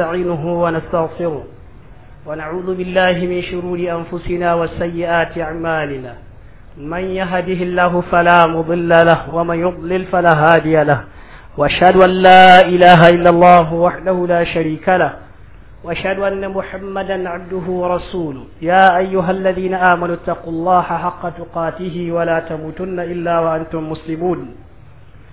نستعينه ونستغفره ونعوذ بالله من شرور أنفسنا وسيئات أعمالنا من يهده الله فلا مضل له ومن يضلل فلا هادي له واشهد أن لا إله إلا الله وحده لا شريك له واشهد أن محمدا عبده ورسوله يا أيها الذين آمنوا اتقوا الله حق تقاته ولا تموتن إلا وأنتم مسلمون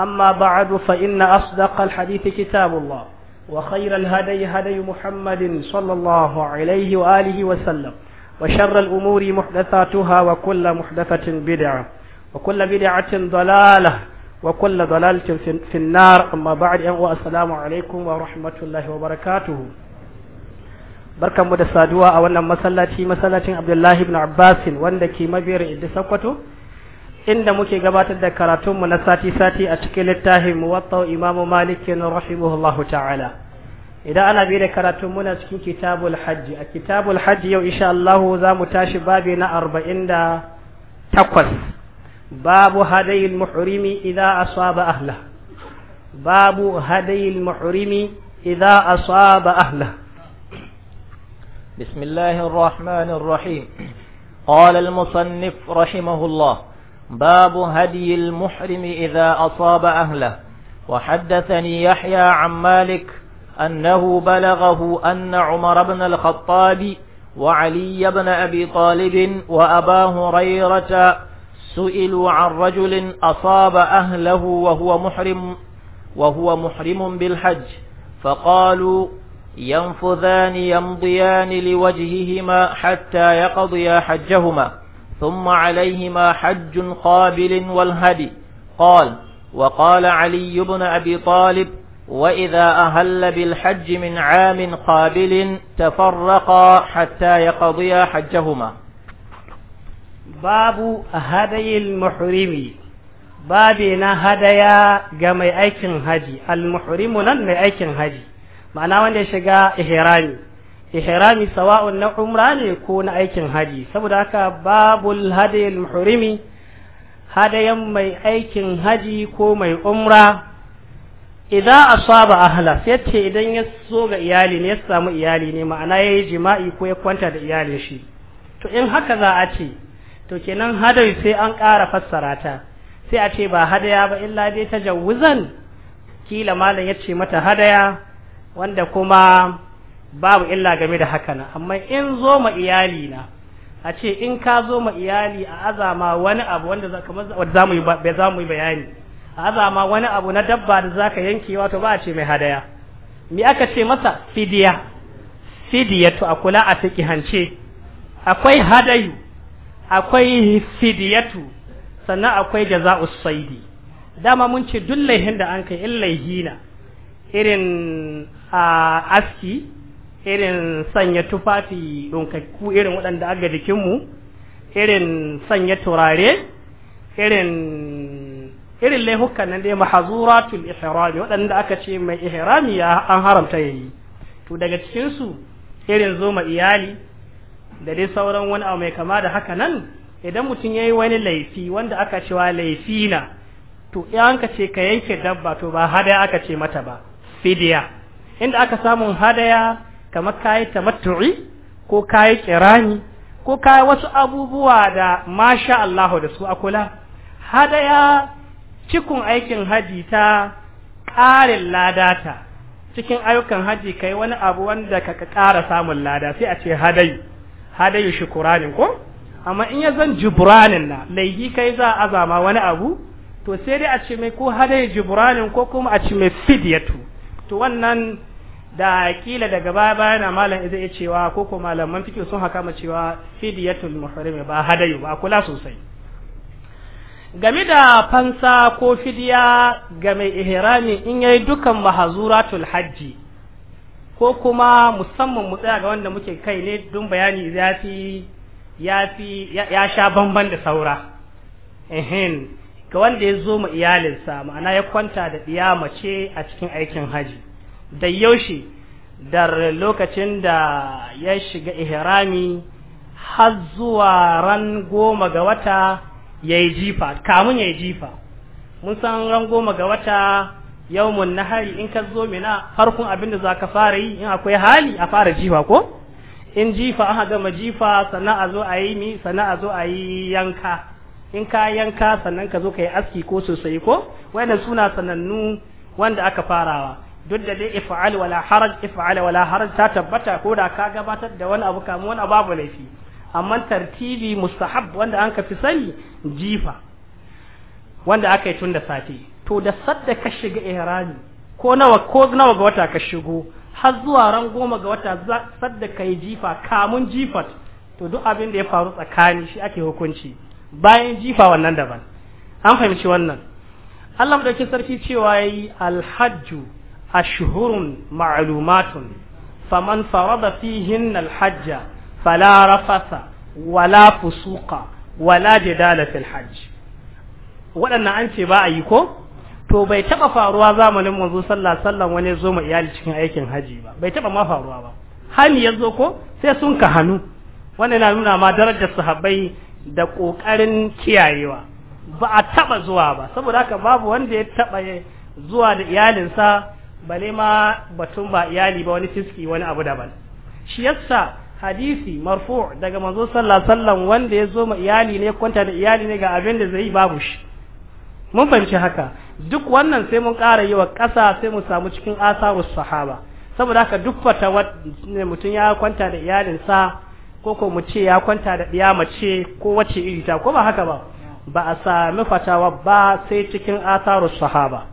أما بعد فإن أصدق الحديث كتاب الله وخير الهدي هدي محمد صلى الله عليه وآله وسلم وشر الأمور محدثاتها وكل محدثة بدعة وكل بدعة ضلالة وكل ضلالة في النار أما بعد والسلام عليكم ورحمة الله وبركاته barkan mu da saduwa a wannan masallaci masallacin Abdullahi ibn Abbas wanda ke mabiyar Idda Sokoto inda muke gabatar da karatunmu na sati-sati a cikin littafin muwatta imamu malikin rahimahullahu ta'ala idan ana bi da karatun na cikin kitabul hajji a kitabul hajji yau insha Allah za mu tashi babi na arba'in da takwas babu hadayil muhrimi idza asaba ahla babu hadayil muhrimi idza asaba ahla bismillahir rahmanir rahim qala al musannif رحمه الله باب هدي المحرم إذا أصاب أهله وحدثني يحيى عن مالك أنه بلغه أن عمر بن الخطاب وعلي بن أبي طالب وأبا هريرة سئلوا عن رجل أصاب أهله وهو محرم وهو محرم بالحج فقالوا ينفذان يمضيان لوجههما حتى يقضيا حجهما ثم عليهما حج قابل والهدي قال وقال علي بن أبي طالب وإذا أهل بالحج من عام قابل تفرقا حتى يقضيا حجهما باب هدي المحرم بابنا هدايا ga هدي المحرم لن يأتي muhrimu nan mai aikin haji ihrami sawa'un na umra ne ko na aikin haji saboda haka babul hadil muhrimi hadayan mai aikin haji ko mai umra idan asaba ahla sai idan ya so ga iyali ne ya samu iyali ne ma'ana ya yi jima'i ko ya kwanta da iyalin shi to in haka za a ce to kenan hadayi sai an ƙara fassara ta sai a ce ba hadaya ba illa dai ta jawuzan kila malam ya ce mata hadaya wanda kuma babu illa game da haka na amma in zo ma iyali na a ce in ka zo ma iyali a azama wani abu wanda kamar za mu yi za mu yi bayani a azama wani abu na dabba da zaka yanke wato ba a ce mai hadaya me aka ce masa fidiya fidiya to a kula a hance akwai hadayu akwai fidiyatu sannan akwai jaza'u saidi dama mun ce duk laihin da an kai in na irin a aski irin sanya tufafi ɗunkakku irin waɗanda aga jikinmu irin sanya turare irin irin laihukan nan dai mahazuratul ihrami waɗanda aka ce mai ihrami ya an haramta ya yi to daga cikinsu irin irin zoma iyali da dai sauran wani abu mai kama da haka nan idan mutum ya yi wani laifi wanda aka cewa laifi na to in ka ce ka yanke dabba to ba hadaya aka ce mata ba fidiya inda aka samun hadaya kamar kayi tamattu'i ko kayi kirani ko kayi wasu abubuwa da masha Allah da su a kula hadaya cikin aikin haji ta ƙarin ladata cikin ayyukan haji kai wani abu wanda ka ƙara samun lada sai a ce hadayu hadayu shukuranin ko amma in ya zan jibranin na laihi kai za a azama wani abu to sai dai a ce mai ko hadayu jibranin ko kuma a ce mai fidiyatu to wannan da kila daga baya bayana malam zai cewa ko ko malaman fiqh sun haka ma cewa fidiyatul muhrim ba hadayu ba kula sosai game da fansa ko fidiya ga mai ihrami in yayi dukan mahazuratul hajji ko kuma musamman mu tsaya ga wanda muke kai ne don bayani ya fi ya sha bamban da saura ehin ga wanda ya zo ma iyalinsa ma'ana ya kwanta da ɗiya mace a cikin aikin haji da yaushe da lokacin da ya shiga ihrami har zuwa ran goma ga wata ya yi jifa kamun ya yi jifa mun san ran goma ga wata na nahari in ka zo mina farkon abinda da za ka fara yi in akwai hali a fara jifa ko in jifa aka gama jifa sannan a zo a yi mi sannan a zo a yi yanka in ka yanka sannan ka zo ka yi aski ko sosai ko wanda suna sanannu wanda aka farawa duk da dai if'al wala haraj if'al wala haraj ta tabbata ko da ka gabatar da wani abu kamun wani babu laifi amma tartibi mustahab wanda an ka fi sani jifa wanda aka yi tun da sati to da sadda ka shiga ihrami ko nawa ko nawa ga wata ka shigo har zuwa ran goma ga wata sadda ka yi jifa kamun jifat to duk abin da ya faru tsakani shi ake hukunci bayan jifa wannan daban an fahimci wannan Allah dauki sarki cewa yayi alhajju أشهر معلومات فمن فرض فيهن الحج فلا رفث ولا فسوق ولا جدال في الحج waɗannan an ce ba a ko to bai taɓa faruwa zamanin manzo alaihi wasallam wani zo ma iyali cikin aikin haji ba bai taba ma faruwa ba hani ya zo ko sai sun ka hannu wannan na nuna ma darajar sahabbai da ƙoƙarin kiyayewa ba a taɓa zuwa ba saboda haka babu wanda ya taɓa zuwa da iyalinsa bale ma batun ba iyali ba wani fiski wani abu daban shi yasa hadisi marfu daga manzo sallallahu sallam wanda ya zo ma iyali ne kwanta da iyali ne ga abin da zai babu shi mun fahimci haka duk wannan sai mun ƙara yi wa ƙasa sai mu samu cikin asarus sahaba saboda haka duk wata mutum ya kwanta da iyalinsa ko ko mu ce ya kwanta da ɗiya mace ko wace iri ta ko ba haka ba ba a sami fatawa ba sai cikin asarus sahaba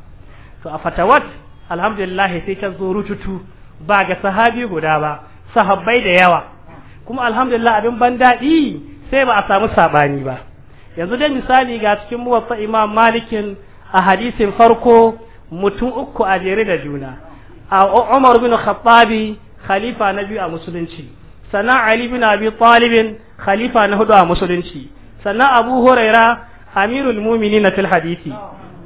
to a fatawat alhamdulillah sai ta zo rututu ba ga sahabi guda ba sahabbai da yawa kuma alhamdulillah abin ban daɗi sai ba a samu saɓani ba yanzu dai misali ga cikin muwatsa imam malikin a hadisin farko mutum uku a jere da juna a umar bin khattabi khalifa na biyu a musulunci sannan ali bin abi talibin khalifa na hudu a musulunci sannan abu huraira amirul muminin na fil hadisi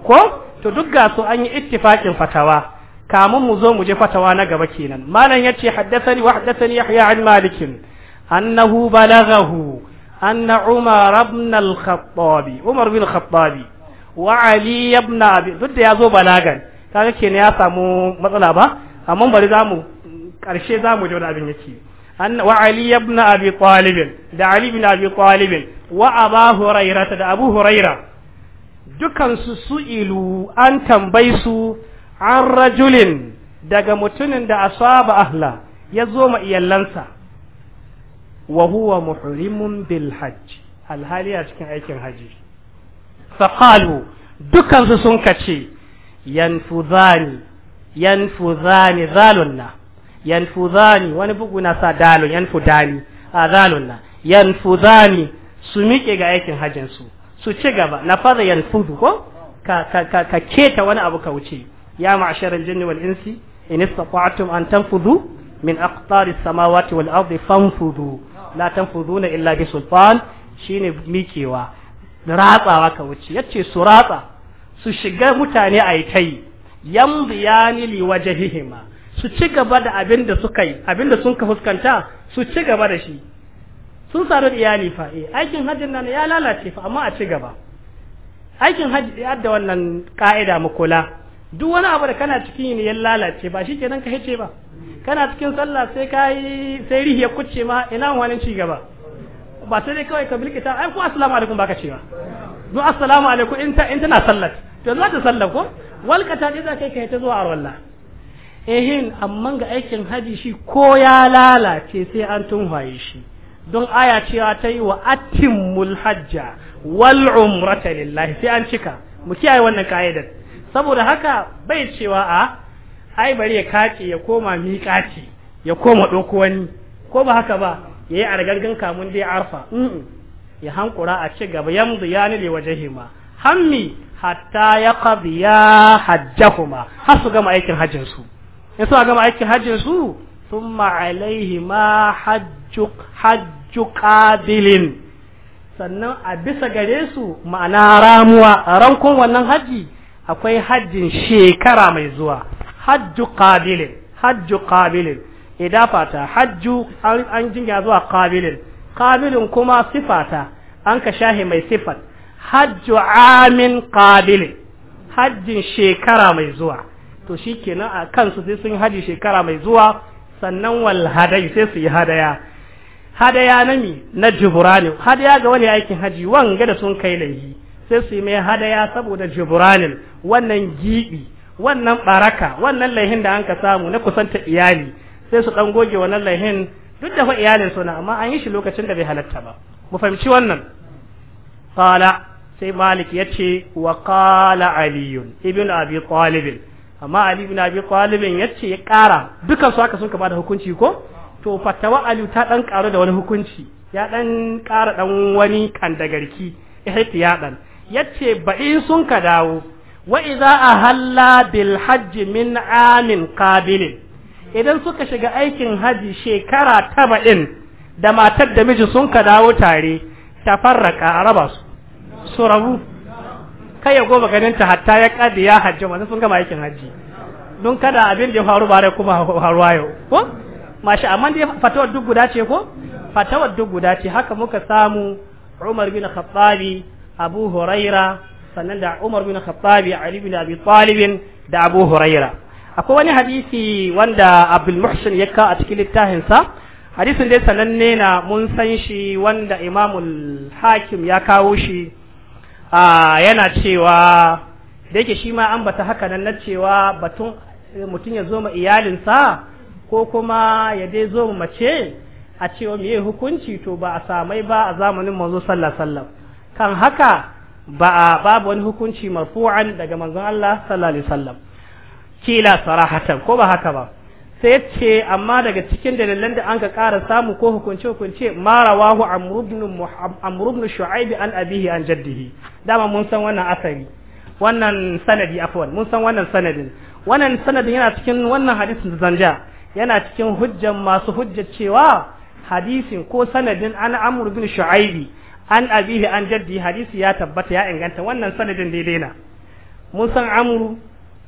ko to duk ga su an yi ittifaqin fatawa kamun mu zo mu je fatawa na gaba kenan malam yace haddathani wa haddathani yahya an malik annahu balaghahu anna umar ibn al-khattab umar ibn al-khattab wa ali ibn abi duk da yazo balagan kaga kenan ya samu matsala ba amma bari zamu karshe zamu ji wani abin yake an wa ali ibn abi talib da ali ibn abi talib wa abu hurairah da abu hurairah su ilu an tambayi su an rajulin daga mutumin da asaba ahla ya zo ma iyalansa wa huwa muhrimun bil hajj alhali a cikin aikin haji faqalu dukansu sun kace yanfuzani yanfudhani zalunna yanfuzani wani bugu na sa dalun yanfudani a zalunna yanfuzani su miƙe ga aikin hajjinsu su ci gaba na yanfudu ko ka ka ka, keta wani abu ka wuce ya ma'sharal jinni wal insi in istata'tum an tanfudu min aqtaris samawati wal ardi fanfudu la tanfuduna illa bi sultan shine mikewa ratsawa ka wuce yace su ratsa su shiga mutane a yi tai yamdiyani li wajhihima su ci gaba da abin da suka yi abin da sun ka fuskanta su ci gaba da shi sun sadu da iyali fa eh aikin hajjin nan ya lalace fa amma a ci gaba aikin hajji ya da wannan ka'ida makola duk wani abu da kana cikin ne ya lalace ba shi kenan ka hice ba kana cikin sallah sai kai sai rihiya kucce ma ina wani ci gaba ba sai dai kawai ka bilkita ai ko assalamu alaikum baka cewa duk assalamu alaikum in ta in tana sallah to za ta sallar ko walkata dai za kai kai ta zuwa arwalla ehin amma ga aikin haji shi ko ya lalace sai an tunhaye shi don aya cewa ta yi wa atin hajja wal umrata lillahi sai an cika mu kiyaye wannan ka'idar saboda haka bai cewa a ai bari ya kace ya koma miƙaci ya koma doko wani ko ba haka ba yayi argargan argargin kamun dai arfa ya hankura a ci gaba yamdu ya nile wajahima hammi hatta ya qadiya hajjahuma har su gama aikin hajjin su in suka gama aikin hajjin su thumma alaihima hajjuk hajj cuƙadilin sannan a bisa gare su ma'ana ramuwa a rankon wannan hajji akwai hajjin shekara mai zuwa hajju ƙabilin hajju ƙabilin idan idafata hajju an jinga zuwa ƙabilin ƙabilin kuma sifata an ka shahi mai sifat hajju amin ƙabilin hajjin shekara mai zuwa to shi kenan a kansu sai sun haji shekara mai zuwa sannan walhadai sai su yi hadaya hadaya na mi na jibranin hadaya ga wani aikin haji wanga da sun kai laifi sai su yi mai hadaya saboda jibranin wannan gibi wannan baraka wannan laihin da an ka samu na kusanta iyali sai su dan goge wannan laihin duk da fa iyalin na amma an yi shi lokacin da bai halatta ba mu fahimci wannan qala sai malik yace wa qala ali ibn abi talib amma ali ibn abi talib yace ya kara dukan su aka sun ka bada hukunci ko to fatawa alu ta dan karu da wani hukunci ya dan kara dan wani kandagarki dan yace ba in sun ka dawo wa idza ahalla bil hajj min amin qabil idan suka shiga aikin haji shekara ta da matar da miji sun ka dawo tare tafarraka a raba su su rabu kai ya goba ganin ta hatta ya kadi ya hajji wanda sun gama aikin haji don kada abin da ya faru ba kuma faruwa yau ko mashi amma dai fatawar duk guda ce ko fatawar duk guda ce haka muka samu Umar bin Khattabi Abu Huraira sannan da Umar bin Khattabi Ali bin Abi Talib da Abu Huraira akwai wani hadisi wanda Abdul Muhsin ya ka a cikin littafin sa hadisin dai ne na mun san shi wanda al Hakim ya kawo shi yana cewa da yake shi ma an bata haka nan na cewa batun eh, mutum ya zo ma iyalinsa ko kuma ya dai zo mace a cewa yi hukunci to ba a samai ba a zamanin manzo sallallahu sallam kan haka ba a babu wani hukunci marfu'an daga manzon Allah sallallahu alaihi wasallam kila sarahatan ko ba haka ba sai ce amma daga cikin dalilan da an ka ƙara samu ko hukunce hukunce ma rawahu amr ibn shu'aib an abihi an jaddihi dama mun san wannan asari wannan sanadi afwan mun san wannan sanadin wannan sanadin yana cikin wannan hadisin zanja yana cikin hujjan masu hujjar cewa hadisin ko sanadin an amur bin shu'aibi an abihi an jaddi hadisi ya tabbata ya inganta wannan sanadin daidai na mun san amru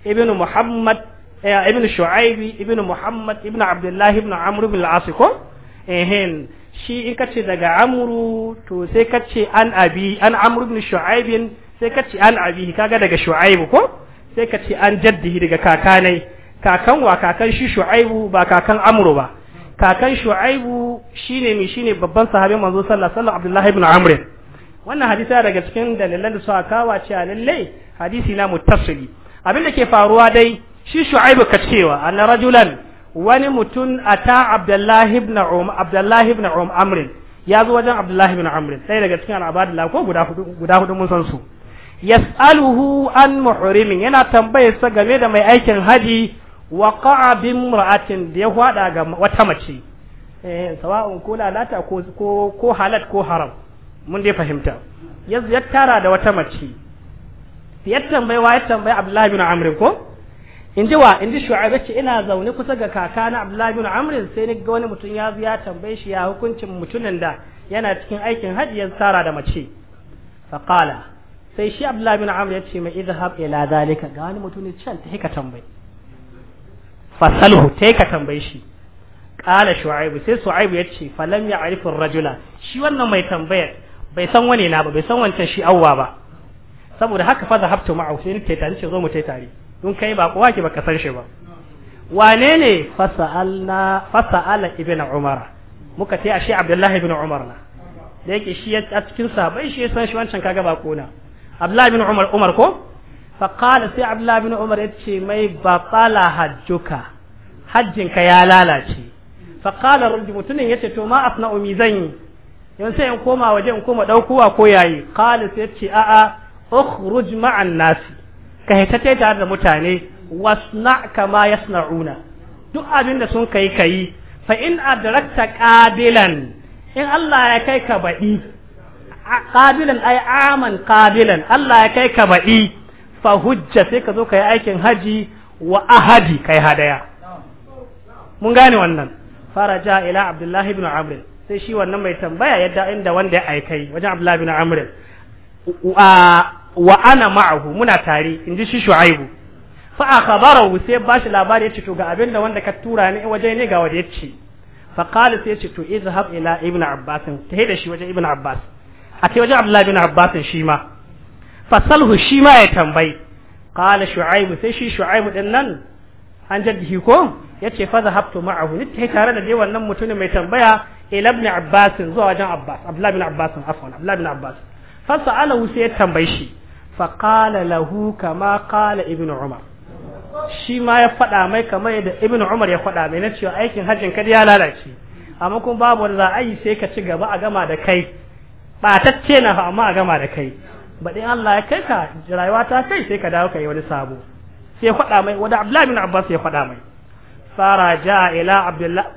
ibn muhammad eh, ibn shu'aibi ibn muhammad ibn abdullahi ibn amr bin al ko ehin shi in kace daga amru to sai kace an abi an amr bin shu'aibin sai kace an abihi kaga daga shu'aibu ko sai kace an jaddi daga kakanai kakan wa kakan shi shu'aibu ba kakan amru ba kakan shu'aibu shine mi shine babban sahabin manzo sallallahu alaihi wasallam abdullahi ibn amr wannan hadisi daga cikin dalilan da suka kawa cewa lalle hadisi na muttasili abinda ke faruwa dai shi shu'aibu ka cewa anna rajulan wani mutum ata abdullahi ibn um abdullahi ibn um amr ya zo wajen abdullahi ibn amr sai daga cikin al'abadillah ko guda hudu guda hudu mun san su yas'aluhu an muhrimin yana tambayar sa game da mai aikin haji waqa'a abin imra'atin da ya fada ga wata mace eh sawa'un ko lalata ko halat ko haram mun dai fahimta ya tara da wata mace ya tambayi wa ya tambayi Abdullahi bin amrin ko inji wa inji Shu'aib ce ina zaune kusa ga kaka na Abdullahi bin amrin sai ni ga wani mutum ya zo ya tambaye shi ya hukuncin mutumin da yana cikin aikin hajji ya tara da mace faqala sai shi Abdullahi bin amrin ya ce mai idhab ila zalika ga wani mutum ne can ta hika tambaye fasalhu sai ka tambaye shi ƙala shu'aibu sai shu'aibu ce falam ya ar-rajula shi wannan mai tambayar bai san wani na ba bai san wancan shi awwa ba saboda haka fa zahabtu ma'ahu sai nake tare ce zo mu tai tare don kai ba kowa ke baka san shi ba wane ne fasa'alna fasa'ala ibn umar muka tai ashe abdullahi ibn umar na da yake shi a cikin sahabbai shi ya san shi wancan kaga ba kona abdullahi ibn umar umar ko faƙala sai abdullahi bin umar ya ce mai batsala hajjuka hajjinka ya lalace faƙala rujji mutumin ya ce to ma asna umi zan yi yan sai in koma waje in koma ɗaukowa ko yayi ƙala sai ya ce a'a ukhruj ma'an nasi ka hita tare da mutane wasna kama yasna'una duk abin da sun kai kai fa in adrakta qabilan in Allah ya kai ka bai qabilan ay aman qabilan Allah ya kai ka baɗi fa hujja sai ka zo ka yi aikin haji wa ahadi kai hadaya mun gane wannan fara ja ila abdullahi ibn amr sai shi wannan mai tambaya yadda inda wanda ya aikai wajen abdullahi ibn amr wa ana ma'ahu muna tare ji shi shu'aibu fa akhbarahu sai bashi labari yace to ga abinda wanda ka tura ni waje ne ga waje yace fa qala sai yace to izhab ila ibn abbas ta da shi waje ibn abbas a ce waje abdullahi ibn abbas shi ma fasalhu shi ma ya tambayi qala shu'aibu sai shi shu'aibu din nan an jaddihi ko yace fa zahabtu ma'ahu ni tai tare da dai wannan mutumin mai tambaya ila ibn abbas zuwa wajen abbas abdullahi ibn abbas afwan abdullahi ibn abbas fa sa'alahu sai ya tambayi shi fa qala lahu kama qala ibn umar shi ma ya fada mai kamar yadda ibn umar ya fada mai na cewa aikin hajjin ka ya lalace amma kuma babu wanda za a yi sai ka ci gaba a gama da kai ɓatacce na amma a gama da kai baɗi Allah ya kai ka rayuwa ta kai sai ka dawo ka yi wani sabo sai ya mai wanda Abdullahi bin Abbas ya faɗa mai fara ila Abdullahi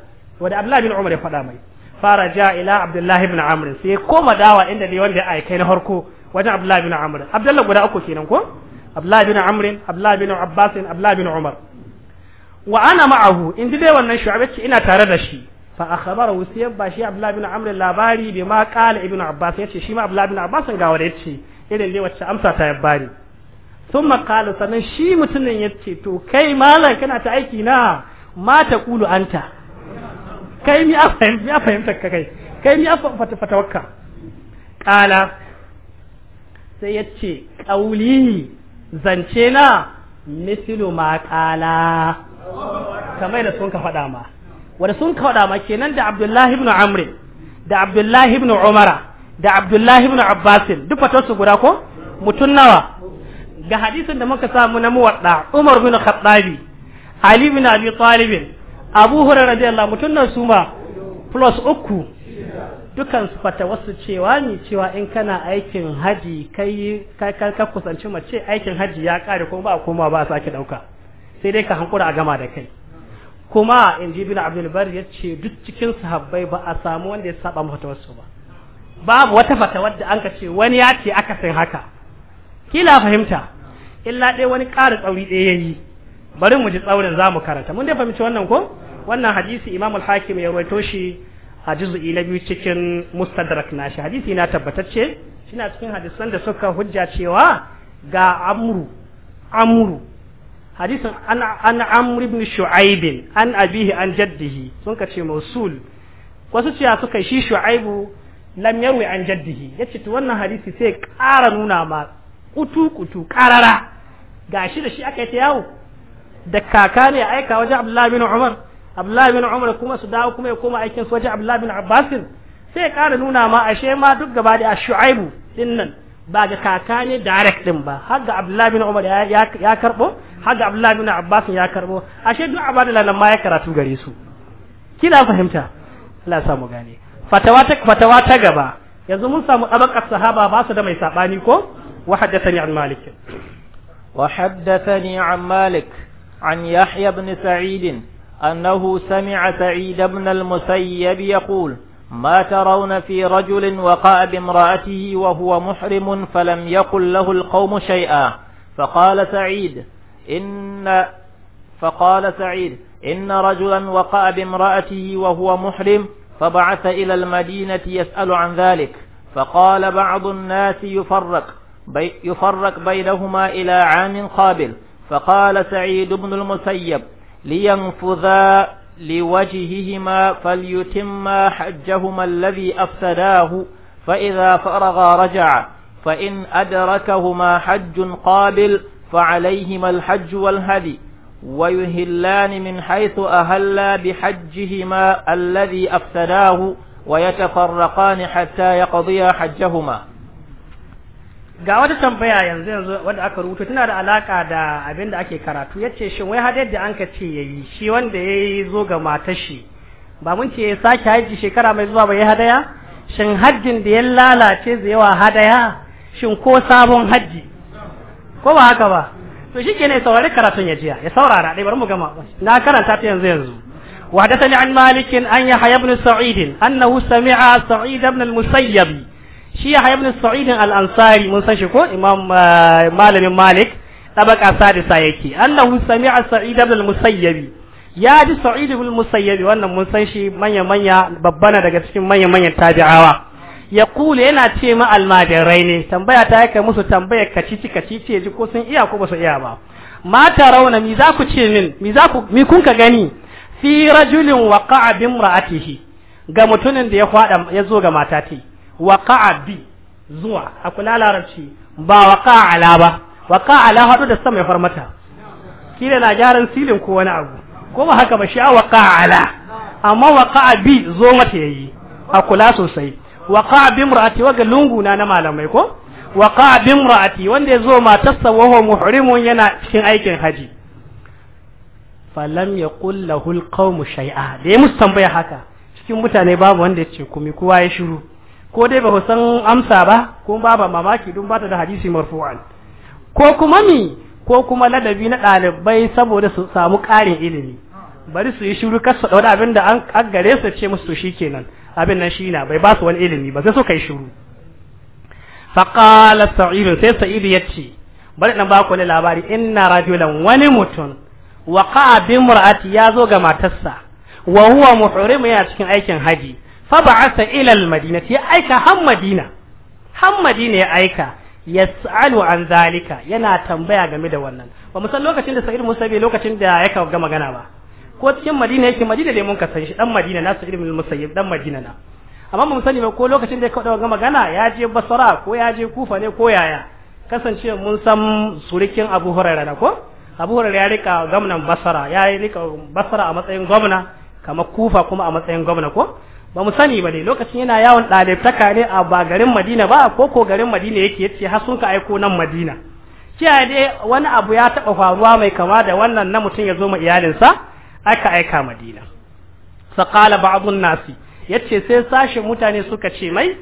wanda Abdullahi bin Umar ya faɗa mai ila Abdullahi bin Amr sai koma dawa inda ne wanda ya aika na farko wajen Abdullahi bin Amr Abdullahi guda uku kenan ko bin Amr Abdullahi bin Abbas Abdullahi bin Umar wa ana ma'ahu in ji dai wannan shu'aib ce ina tare da shi fa akhbarahu sai ba shi Abdullahi bin Amr labari qala ibn Abbas yace shi ma bin Abbas ga wanda yace irin ne wacce amsa ta bari sun makalu sannan shi mutumin ya ce to kai malam kana ta aiki na mata kulu anta kai mi a fahimta ka kai kai mi a fatawakka kala sai ya ce ƙauli zance na misilu ma kala kamar da sun ka faɗa ma wanda sun ka faɗa ma kenan da abdullahi ibn amri da abdullahi ibn umara da Abdullahi ibn Abbas duk fatar su guda ko mutun nawa ga hadisin da muka samu na muwadda Umar bin Khattabi Ali bin Abi Talib Abu Hurairah radiyallahu mutun nan su ma plus uku dukan su fata wasu cewa ni cewa in kana aikin haji kai ka ka kusanci mace aikin haji ya kare ko ba koma ba sake dauka sai dai ka hankura a gama da kai kuma in ji bin Abdul ya ce duk cikin sahabbai ba a samu wanda ya saba mata wasu ba babu wata fata wadda an ka ce wani ya ce akasin haka kila fahimta illa dai wani ƙara tsauri ɗaya ya yi bari mu ji tsaurin za mu karanta mun dai fahimci wannan ko wannan hadisi imam al-hakim ya rawaito shi a juz'i na biyu cikin mustadrak nashi hadisi na tabbatacce shina cikin hadisan da suka hujja cewa ga amru amru hadisin an an amr ibn shu'aib an abihi an jaddihi sun ka ce mausul wasu ciya suka shi shu'aibu lam yarwi an jaddihi yace to wannan hadisi sai ƙara nuna ma kutu kutu karara gashi da shi aka yi ta yawo da kaka ne ya aika wajen Abdullahi bin Umar Abdullahi bin Umar kuma su dawo kuma ya koma aikin su wajen Abdullahi bin Abbas sai ƙara nuna ma ashe ma duk gaba da Shu'aibu din nan ba ga kaka ne direct din ba har ga Abdullahi bin Umar ya karbo har ga Abdullahi bin Abbas ya karbo ashe duk abadala nan ma ya karatu gare su kina fahimta Allah ya samu gane fatawa ta fatawa ta gaba yanzu mun samu abakar sahaba ba su da mai sabani ko wa haddathani an malik wa haddathani an malik an yahya ibn sa'id annahu sami'a sa'id ibn al-musayyib yaqul ما ترون في رجل وقع بامرأته وهو محرم فلم يقل له القوم شيئا فقال سعيد إن فقال سعيد إن رجلا وقع بامرأته وهو محرم فبعث إلى المدينة يسأل عن ذلك فقال بعض الناس يفرق بي يفرق بينهما إلى عام قابل فقال سعيد بن المسيب لينفذا لوجههما فليتما حجهما الذي أفسداه فإذا فرغا رجع فإن أدركهما حج قابل فعليهما الحج والهدي ويهلان من حيث أهلا بحجهما الذي أفسداه ويتفرقان حتى يقضيا حجهما ga wata tambaya yanzu yanzu wanda aka rubuta tana da alaka da abin da ake karatu yace shin wai hadar da anka ce yayi shi wanda yayi zo ga matar shi ba mun ce sake haji shekara mai zuwa bai hadaya shin hajjin da ya lalace zai yawa hadaya shin ko sabon haji ko ba haka ba to shi kenan ya saurari karatun ya jiya ya saurara dai bari mu gama na karanta ta yanzu yanzu wa hadathani an malik an yahya ibn sa'id annahu sami'a sa'id ibn shi yahya ibn al-ansari mun ko imam eh, malamin malik tabaka sadisa yake annahu sami'a sa'id ibn al ya ji sa'id ibn al wannan mun san manya manya babbana daga cikin manya manyan tabi'awa ya kula yana ce ma almajirai ne tambaya ta yake musu tambaya kacici kacici ji ko sun iya ko ba su iya ba mata rauna mi za ku ce min mi za ku mi kun ka gani fi rajulin waqa'a bi imra'atihi ga mutumin da ya fada ya zo ga mata ta waqa'a bi zuwa a kula larabci ba waqa'a ala ba waqa'a ala hadu da sama ya farmata kila na gyaran silin ko wani abu ko ba haka ba shi waqa'a ala amma waqa'a bi zo mata yayi a kula sosai waqa bi imra'ati waga lungu na na malamai ko waqa bi imra'ati wanda yazo matarsa wa huwa muhrimun yana cikin aikin haji falam yaqul lahu alqawmu shay'a da ya musu tambaya haka cikin mutane babu wanda ya ce kuma kowa ya shiru ko dai ba san amsa ba ko babu mamaki dun bata da hadisi marfu'an ko kuma mi ko kuma ladabi na ɗalibai saboda su samu ƙarin ilimi bari su yi shiru kar su ɗaura abin da an gare su ce musu shi kenan abin nan shi na bai ba su wani ilimi ba sai su yi shiru faƙala sa'idu sai sa'idu ya ce bari na ba ku wani labari inna rajulan wani mutum wa qa'abin mura'ati ya zo ga matarsa wa huwa mu yana cikin aikin haji fa ba'atha ila madina ya aika han madina madina ya aika yas'alu an zalika yana tambaya game da wannan ba san lokacin da saidu musa bai lokacin da ya ga magana ba ko cikin madina yake madina ne mun kasance dan madina na sa'id musayyib dan madina na amma mu sani ba ko lokacin da ya kawo ga magana ya je basara ko ya je kufa ne ko yaya kasance mun san surikin abu hurairah na ko abu hurairah ya rika gwamnan basra ya rika basra a matsayin gwamna kamar kufa kuma a matsayin gwamna ko ba mu sani ba dai lokacin yana yawon ɗalibtaka ne a ba garin madina ba ko ko garin madina yake yace har sun ka aiko nan madina kiyaye dai wani abu ya taɓa faruwa mai kama da wannan na mutum ya zo ma iyalinsa aka aika madina faƙala abun nasi ya ce sai sashen mutane suka ce mai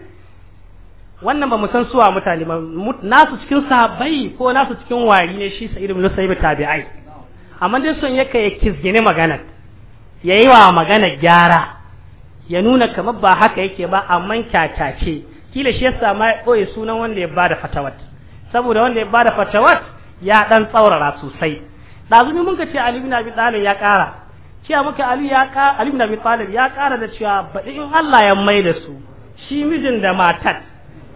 wannan ba san suwa mutane ba nasu cikin sahabbai ko nasu cikin wari ne shi sai ibn sa'ib tabi'ai amma dai son yake ya kizgine magana ya yi wa magana gyara ya nuna kamar ba haka yake ba amma kyakyace kila shi yasa ma ya sunan wanda ya bada fatawat saboda wanda ya bada fatawat ya dan tsaurara sosai dazumi mun ka ce ali ibn abi ya kara cewa muka Ali ya ka Ali ibn Abi Talib ya kara da cewa baɗi in Allah ya mai da su shi mijin da matar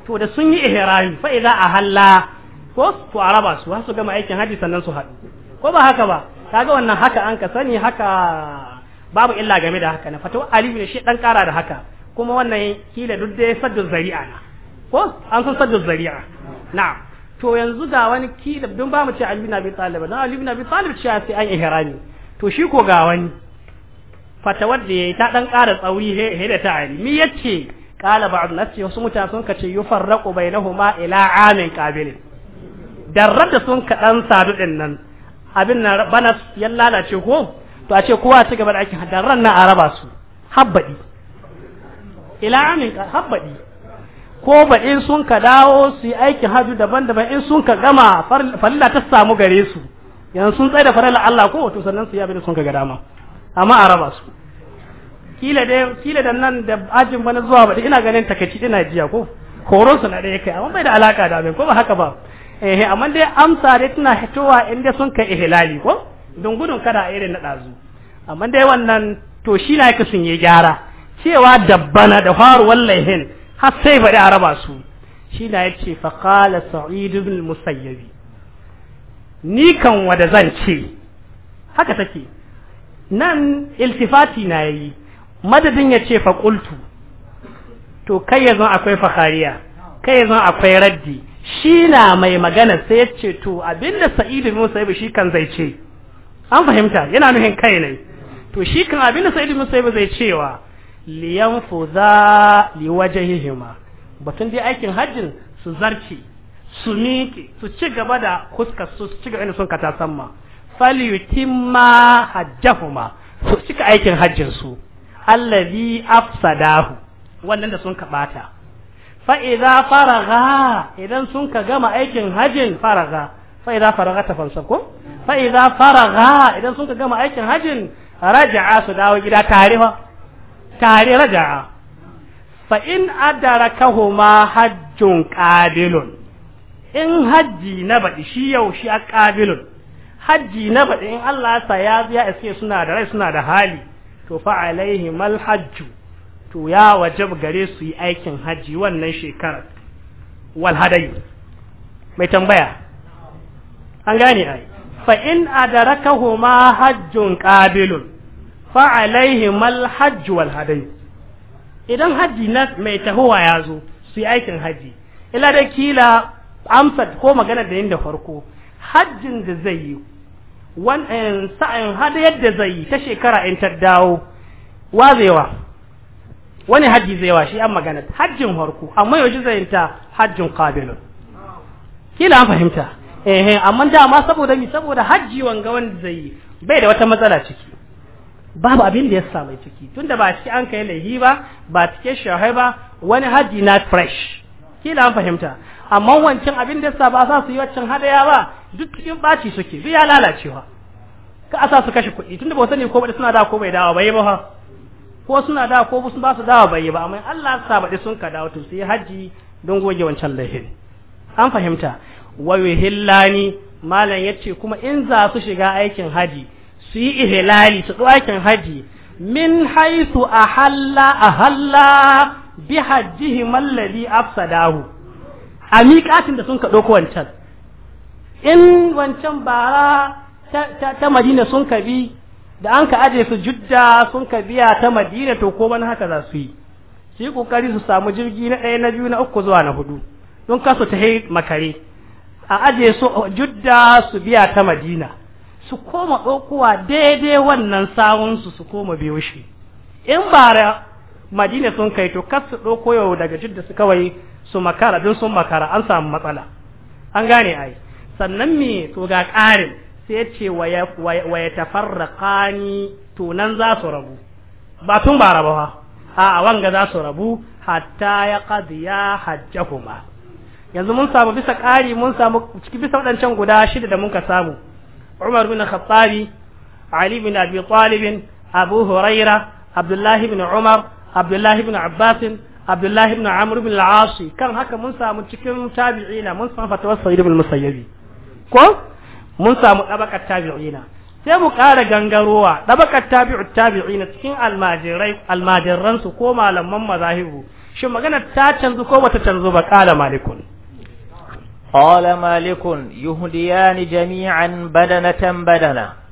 to da sun yi ihrami fa idza ahalla ko to araba su har su gama aikin haji sannan su haɗu ko ba haka ba kaga wannan haka an ka sani haka babu illa game da haka na to Ali ibn shi dan kara da haka kuma wannan kila duk da saddu zari'a na ko an san saddu zari'a na'am to yanzu ga wani kila dun ba mu ce Ali ibn Abi Talib na Ali ibn Abi Talib cewa sai an ihrami to shi ko ga wani fatawar da yayi ta dan ƙara tsauri he da ta ari mi yace qala ba'd nas ce wasu mutane sun kace yufarraqu bainahuma ila amin qabil darrar da sun ka dan sadu din nan abin na bana ya lalace ko to a ce kowa ci gaba da aikin darrar na araba su habbadi ila amin habbadi ko ba in sun ka dawo su yi aikin hajju daban-daban in sun ka gama farilla ta samu gare su yanzu sun tsaye da farilla Allah ko wato sannan su yabe da sun ga dama amma a raba su kila da kila da nan da ajin bana zuwa ba ina ganin takaici ina jiya ko horon su na da yake amma bai da alaka da abin ko ba haka ba eh amma dai amsa dai tana hitowa inda sun kai ihlali ko don gudun kada a irin na dazu amma dai wannan to shi na yake sun yi gyara cewa dabbana da faru wallahin har sai bari a raba su shi na yace fa qala sa'id ibn musayyib ni kan wada zan ce haka take nan iltifati na yayi madadin ya ce fa qultu to kai zan akwai fahariya kai zan akwai raddi shi na mai magana sai ya ce to abinda sa'idu bin sa'ibu shi kan zai ce an fahimta yana nuhin kai ne to shi kan abinda sa'idu bin sa'ibu zai cewa liyanfuza liwajhihima batun dai aikin hajjin su zarce su miƙe su ci gaba da huskar su ci gaba da sun kata samma ma hajjahuma su cika aikin hajjin su allazi afsadahu wannan da sun ka bata fa idza faraga idan sun ka gama aikin hajjin faraga fa idza faraga ta fansa ko fa idza faraga idan sun ka gama aikin hajjin raja'a su dawo gida tare fa tare raja'a fa in adarakahuma hajjun qadilun in hajji na baɗi shi yau shi a ƙabilun hajji na baɗi in Allah sa ya biya iske suna da rai suna da hali to fa alaihi mal hajju to ya wajab gare su yi aikin hajji wannan shekarar wal hadayi mai tambaya an gane ai fa in adrakahuma hajjun qabilun fa alaihi mal hajj wal hadayi idan hajji na mai tahowa ya zo su yi aikin hajji ila da kila Amsar ko magana da yin da farko hajjin da zai yi wannan eh, sa'in hada yadda zai yi ta shekara in ta dawo wazewa wani hajji zai wa shi an magana hajjin farko amma yaushe zai ta hajjin kabilun kila an fahimta eh eh amma dama saboda mi saboda hajji wanga wanda zai yi bai da wata matsala ciki babu abin da ya samu ciki tunda ba shi an kai laihi ba ba cike shahai ba wani hajji na fresh kila an fahimta amma wancan abin da sa ba sa su yi waccan hadaya ba duk cikin baci suke duk ya lalacewa ka a sa su kashe kuɗi tunda ba sani ko ba suna da ko bai dawo bai ba ko suna da ko ba su dawo bai ba amma Allah sa ba sun ka dawo to sai haji don goge wancan lahin an fahimta wa yuhillani malam yace kuma in za su shiga aikin haji su yi ihlali su aikin haji min haythu ahalla ahalla bi hajjihi alladhi afsadahu a miƙatin da sun ka ɗauko wancan in wancan bara ta madina sun ka bi da an ka aje su judda sun ka biya ta madina to ko wani haka za su yi su yi ƙoƙari su samu jirgi na ɗaya na biyu na uku zuwa na hudu don kasu ta yi makare a aje su judda su biya ta madina su koma ɗaukowa daidai wannan sawunsu su koma biyo shi in bara madina sun kai to kasu ɗauko yau daga judda su kawai su makara don sun makara an samu matsala an gane ai sannan me to ga ƙarin sai ce wa ya tafarraqani to nan za su rabu ba tun ba raba ba a wanga za su rabu hatta ya qadiya hajjahuma yanzu mun samu bisa ƙari mun samu ciki bisa waɗancan guda shida da mun ka samu Umar bin Khattabi Ali bin Abi Talib Abu Huraira Abdullahi bin Umar Abdullahi bin Abbas abdullahi ibn amr ibn al-as kan haka mun samu cikin tabi'ina mun samu fatawar sa'id ibn musayyabi ko mun samu dabaqat tabi'ina sai mu ƙara gangarowa dabaqat tabi'u tabi'ina cikin almajirai almajiran su ko malaman mazahibu shin magana ta canzu ko bata canzu ba kala malikun qala malikun yuhdiyani jami'an tan badana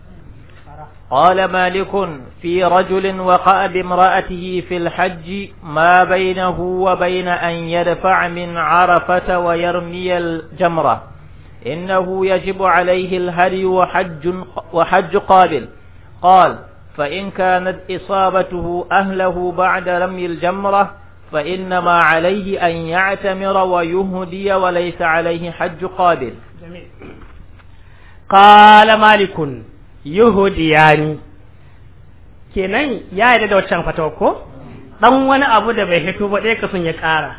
قال مالك في رجل وقع بامرأته في الحج ما بينه وبين أن يدفع من عرفة ويرمي الجمرة إنه يجب عليه الهدي وحج, وحج قابل قال فإن كانت إصابته أهله بعد رمي الجمرة فإنما عليه أن يعتمر ويهدي وليس عليه حج قابل جميل. قال مالك yahudiyani kenan ya yi da waccan fata ko dan wani abu da bai hito ba dai sun ya kara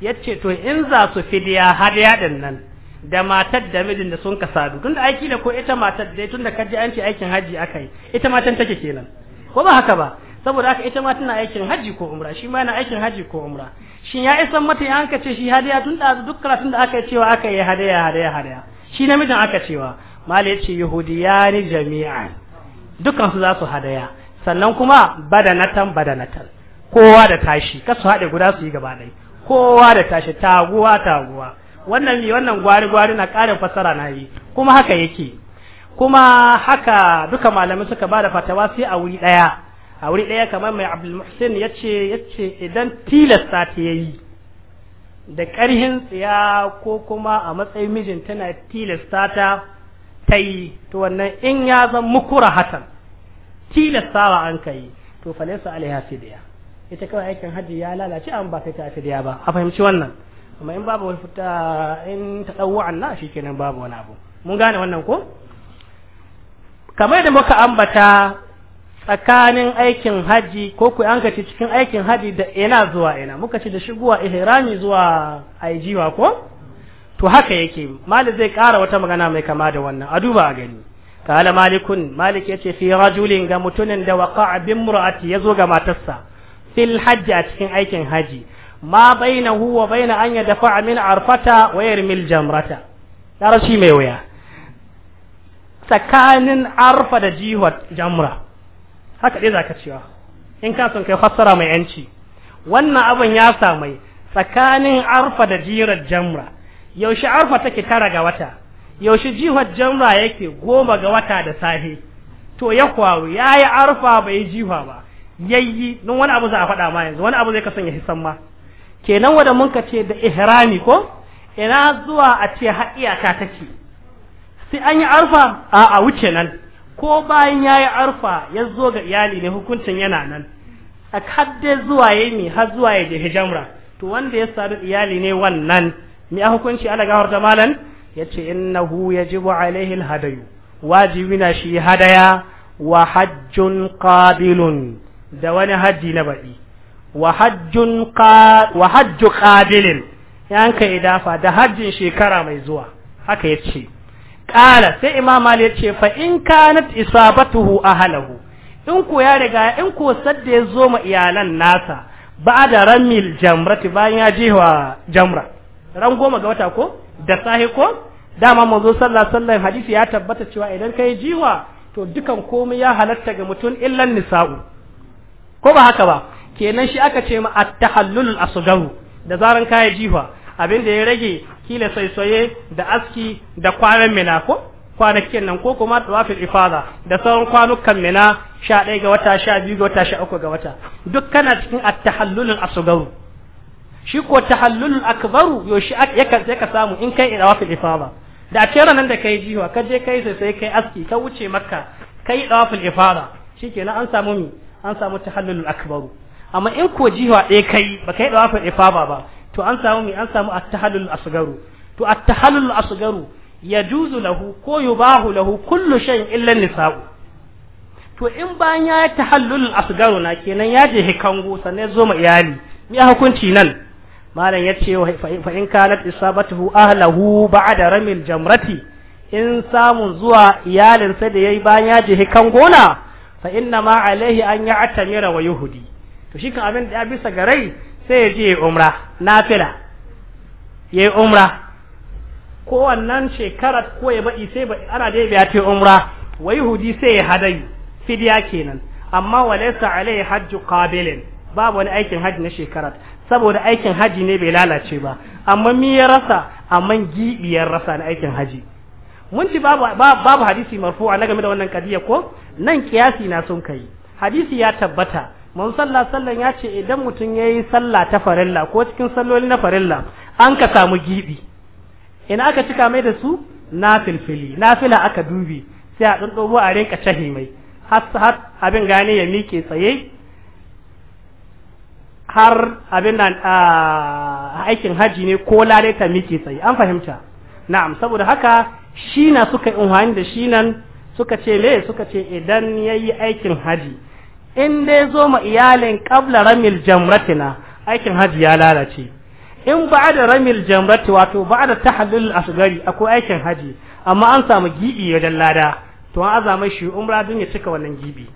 yace to in za su fidiya ya din nan da matar da mijin da sun ka sadu tunda aiki da ko ita matar dai tunda ji an ce aikin haji akai ita matan take kenan ko ba haka ba saboda haka ita ma tana aikin haji ko umra shi ma yana aikin haji ko umra shin ya isa mata ya ka ce shi hadiya tun da duk karatun da aka cewa aka yi hadiya hadiya hadiya shi namijin aka cewa mala yace yahudiyani jami'an dukan su za su hadaya sannan kuma badanatan badanatan kowa da tashi kasu haɗe guda su yi gaba ɗaya kowa da tashi taguwa taguwa wannan mi wannan gwari gwari na ƙarin fasara na yi kuma haka yake kuma haka duka malamai suka bada fatawa sai a wuri ɗaya a wuri ɗaya kamar mai abdul muhsin yace yace idan tilasta ta yi da ƙarhin tsiya ko kuma a matsayin mijin tana tilasta ta ta yi to wannan in ya zan mukura hatan tilastawa an ka yi to falaisa alaiha fidiya ita kawai aikin hajji ya lalace an ba kai ta fidiya ba a fahimci wannan amma in babu wani fita in ta ɗau wa'anna shi kenan babu wani abu mun gane wannan ko kamar da muka ambata tsakanin aikin hajji ko ku an cikin aikin hajji da ina zuwa ina muka ci da shigowa ihrami zuwa aijiwa ko to haka yake malik zai kara wata magana mai kama da wannan a duba a gani kala malikun malik yace fi rajulin ga mutunin da waqa bi imra'ati yazo ga matarsa fil hajji a cikin aikin haji ma bainahu wa baina an yadfa min arfata wa yarmil jamrata shi mai waya tsakanin arfa da jihwat jamra haka dai zaka cewa in ka son kai fassara mai yanci wannan abin ya samai tsakanin arfa da jirar jamra yaushe arfa take tara ga wata yaushe jihar jamra yake goma ga wata da safe to ya kwawo ya yi arfa bai jiha ba yayi don wani abu za a faɗa ma yanzu wani abu zai ya hisan ma kenan wanda mun ka ce da ihrami ko ina zuwa a ce har iyaka take sai an yi arfa a a wuce nan ko bayan ya yi arfa ya zo ga iyali ne hukuncin yana nan a kadde zuwa ya mai har zuwa ya je hijamra to wanda ya sadu iyali ne wannan mi a hukunci ala gawar da malan yace innahu yajibu alaihi hadayu wajibi na shi hadaya wa hajjun qabilun da wani haji na baɗi wa hajjun qa ya an qabilin idafa da hajjin shekara mai zuwa haka ya ce. ƙala sai imam ali ce fa in kanat isabatuhu ahlahu in ko ya riga in ko sadda ya zo ma iyalan nasa ba da ramil jamrati bayan ya wa jamra ran goma ga wata ko da sahe ko dama manzo zo sallah sallah hadisi ya tabbata cewa idan kai jiwa to dukan komai ya halatta ga mutum illan nisa'u ko ba haka ba kenan shi aka ce ma at-tahallul asghar da zaran kai jiwa abin da ya rage kila soye da aski da kwanan mina ko kwanakin nan ko kuma tawafil ifada da sauran kwanukan mina 11 ga wata 12 ga wata 13 ga wata duk kana cikin at-tahallul asghar shi ko tahallulul akbaru yoshi yakan sai ka samu in kai dawafil ifada da a cera nan da kai jiwa ka je kai sai sai kai aski ka wuce makka kai dawafil ifada shikenan an samu mi an samu tahallulul akbaru amma in ko jiwa ɗaya kai ba kai dawafil ifada ba to an samu mi an samu at-tahallul asgaru to at-tahallul asgaru yajuzu lahu ko yubahu lahu kullu shay'in illa nisa'u to in bayan ya tahallul asgaru na kenan ya je hikango sannan zo ma iyali me hukunci nan malam ya ce fa in kanat isabatuhu ahlahu ba'da ramil jamrati in samun zuwa iyalinsa da yayi bayan ya je hikan gona fa inna ma alaihi an ya'tamira wa yuhudi to shi kan abin da ya bisa garai sai ya je umra nafila yayi umra ko wannan shekarar ko ya ba'i sai ba ana da ya ta umra wa yahudi sai ya hadayi fidiya kenan amma walaysa alaihi hajju qabilin babu wani aikin hajji na shekarar saboda aikin haji ne bai lalace ba amma mi ya rasa amma gibi rasa na aikin haji mun ci babu babu hadisi marfu na game da wannan kadiya ko nan kiyasi na sun kai hadisi ya tabbata man sallah sallan ya ce idan mutum ya yi sallah ta farilla ko cikin salloli na farilla an ka samu gibi ina aka cika mai da su na na fila aka dubi sai a ɗanɗobo a rinka cahi mai har abin gane ya mike tsaye har abin nan aikin haji ne ko lalata miki tsaye an fahimta na'am saboda haka shi na suka yi unhani da shi nan suka ce me suka ce idan ya yi aikin haji in dai zo ma iyalin ƙabla ramil jamratina aikin haji ya lalace in ba da ramil jamrati wato ba da ta halil asgari akwai aikin haji amma an samu gibi wajen lada to an azama shi umra don ya cika wannan gibi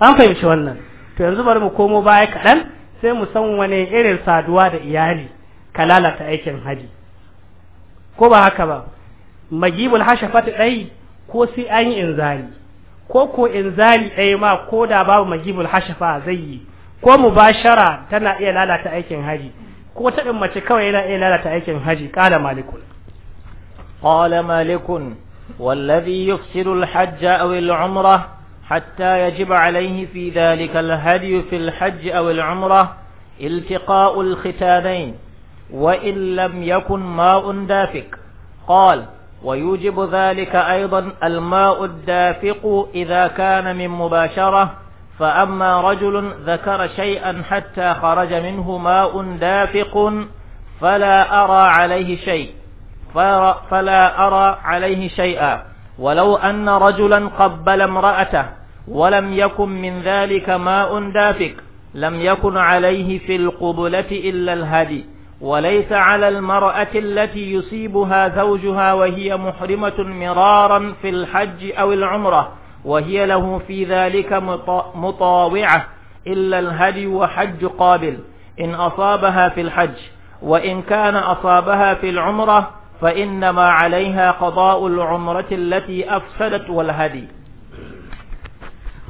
an fahimci wannan to yanzu bari mu komo baya kaɗan sai mu san wane irin saduwa da iyali ka lalata aikin haji ko ba haka ba magibul hashafat dai ko sai an yi inzali ko ko inzali dai ma ko da babu magibul hashafa zai yi ko mubashara tana iya lalata aikin haji ko ta mace kawai yana iya lalata aikin haji kala malikun qala malikun والذي يفسد الحج أو العمرة حتى يجب عليه في ذلك الهدي في الحج أو العمرة التقاء الختانين وإن لم يكن ماء دافق قال ويوجب ذلك أيضا الماء الدافق إذا كان من مباشرة فأما رجل ذكر شيئا حتى خرج منه ماء دافق فلا أرى عليه شيء فلا أرى عليه شيئا ولو أن رجلا قبل امرأته ولم يكن من ذلك ماء دافك لم يكن عليه في القبلة إلا الهدي وليس على المرأة التي يصيبها زوجها وهي محرمة مرارا في الحج أو العمرة وهي له في ذلك مطاوعة إلا الهدي وحج قابل إن أصابها في الحج وإن كان أصابها في العمرة فإنما عليها قضاء العمرة التي أفسدت والهدي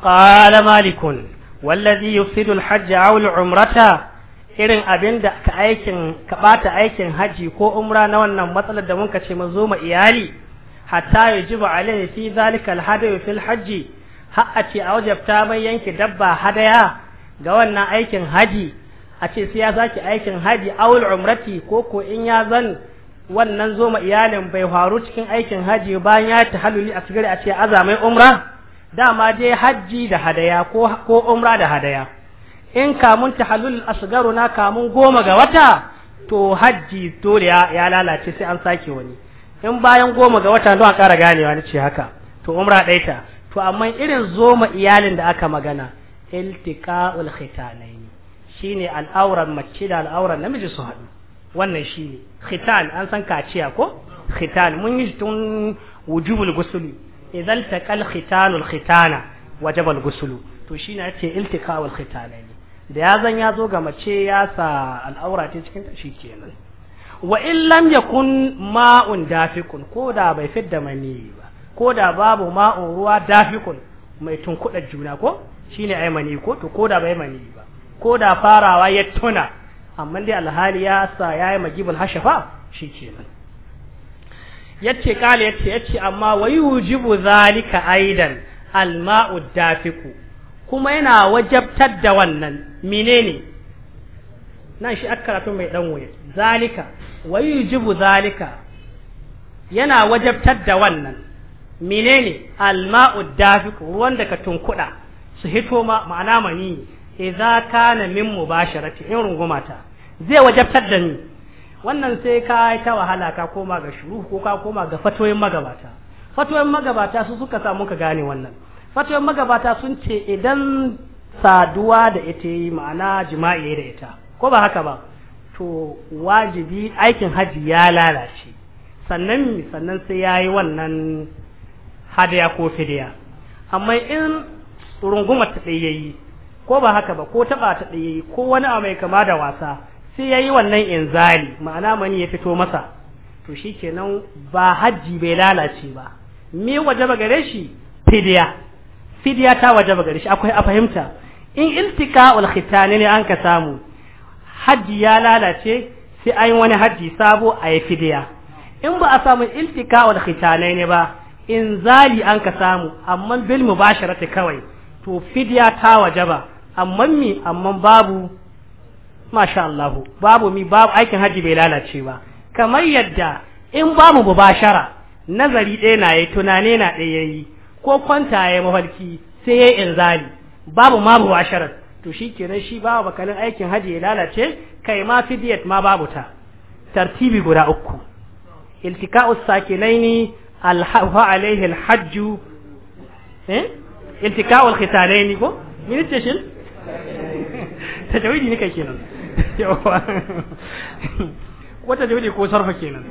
قال malikun wallazi يفسد الحج aw alumrata irin abin da ka aikin ka bata aikin haji ko umra na wannan matsalar da mun ce mu ma iyali hatta yajibu alaihi fi zalika alhadayu fi hajji har a ce a mai yanke dabba hadaya ga wannan aikin haji a ce sai ya saki aikin haji awul umrati ko ko in ya zan wannan zo ma iyalin bai faru cikin aikin haji bayan ya tahalluli haluli a a ce azamai umra dama dai hajji da hadaya ko umra da hadaya in kamun tahallul asgaru na kamun goma ga wata to hajji dole ya lalace sai an sake wani in bayan goma ga wata don kara ganewa ni ce haka to umra ɗaya ta to amma irin zoma iyalin da aka magana iltiqa'ul khitanain shine al'auran mace da al'auran namiji su haɗu wannan shine khitan an san kaciya ko khitan mun yi tun wujubul gusuli idan taqal khitanul khitana wajaba al to ne yace ce wal khitanani da ya zan ya zo ga mace ya sa al'aura ta cikin ta wa in lam yakun ma'un dafikun ko da bai fidda mani ba ko babu ma'un ruwa dafiqun mai tunkuɗa juna ko shi ne ai mani ko to ko bai mani ba koda farawa ya tuna amma dai alhali ya sa yayi magibul hashafa shikenan yace kala yace yace amma wayu wayujibu zalika aidan alma'u dafiku kuma yana wajabtar da wannan menene nan shi akkaratu mai dan waye zalika wayu wayujibu zalika yana wajabtar da wannan menene alma'u dafiku ruwan da ka tunkuda su hito ma ma'ana mani idza kana min mubasharati in rungumata zai wajabtar da ni wannan sai ka ta wahala ka koma ga shuru ko ka koma ga fatoyin magabata fatoyin magabata su suka samu ka gane wannan fatoyin magabata sun ce idan saduwa da ita yi ma'ana jima'i da ita ko ba haka ba to wajibi aikin haji ya lalace sannan sannan sai ya yi wannan hadaya ko fidiya amma in runguma ta ɗaya yi ko ba haka ba ko taɓa ta ɗaya yi ko wani abu mai kama da wasa sai ya yi wannan inzali ma'ana mani ya fito masa to shi kenan ba hajji bai lalace ba me wajaba gare shi fidiya fidiya ta wajaba gare shi akwai a fahimta in iltika'ul khitani ne an ka samu hajji ya lalace sai an wani hajji sabo a yi fidiya in ba a samu iltika'ul khitani ne ba in zali an ka samu amma bil mubasharati kawai to fidiya ta wajaba amma mi amma babu masha Allah babu mi babu aikin haji bai lalace ba kamar yadda in ba mu mubashara nazari ɗaya na yi tunane na ɗaya yayi ko kwanta ya mafarki sai ya yi inzali babu ma mubasharar to shi kenan shi babu bakalin aikin haji ya lalace kai ma fidiyat ma babu ta tartibi guda uku iltika'u sakinaini alhafa alaihi alhajju eh iltika'u alkhitalaini ko ministration tajawidi nika kenan wata jawdi ko sarfa kenan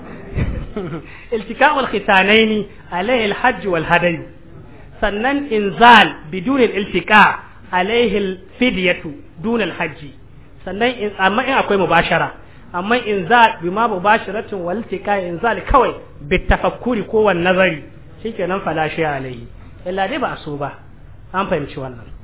iltika'ul khitanaini alayhi alhajj wal hadayu sannan inzal bidun iltika alayhi alfidyatu dun alhajj sannan amma in akwai mubashara amma inzal bima mubasharatin wal iltika inzal kawai bitafakkuri ko wan nazari shikenan fala shi alayhi illa dai ba so ba an fahimci wannan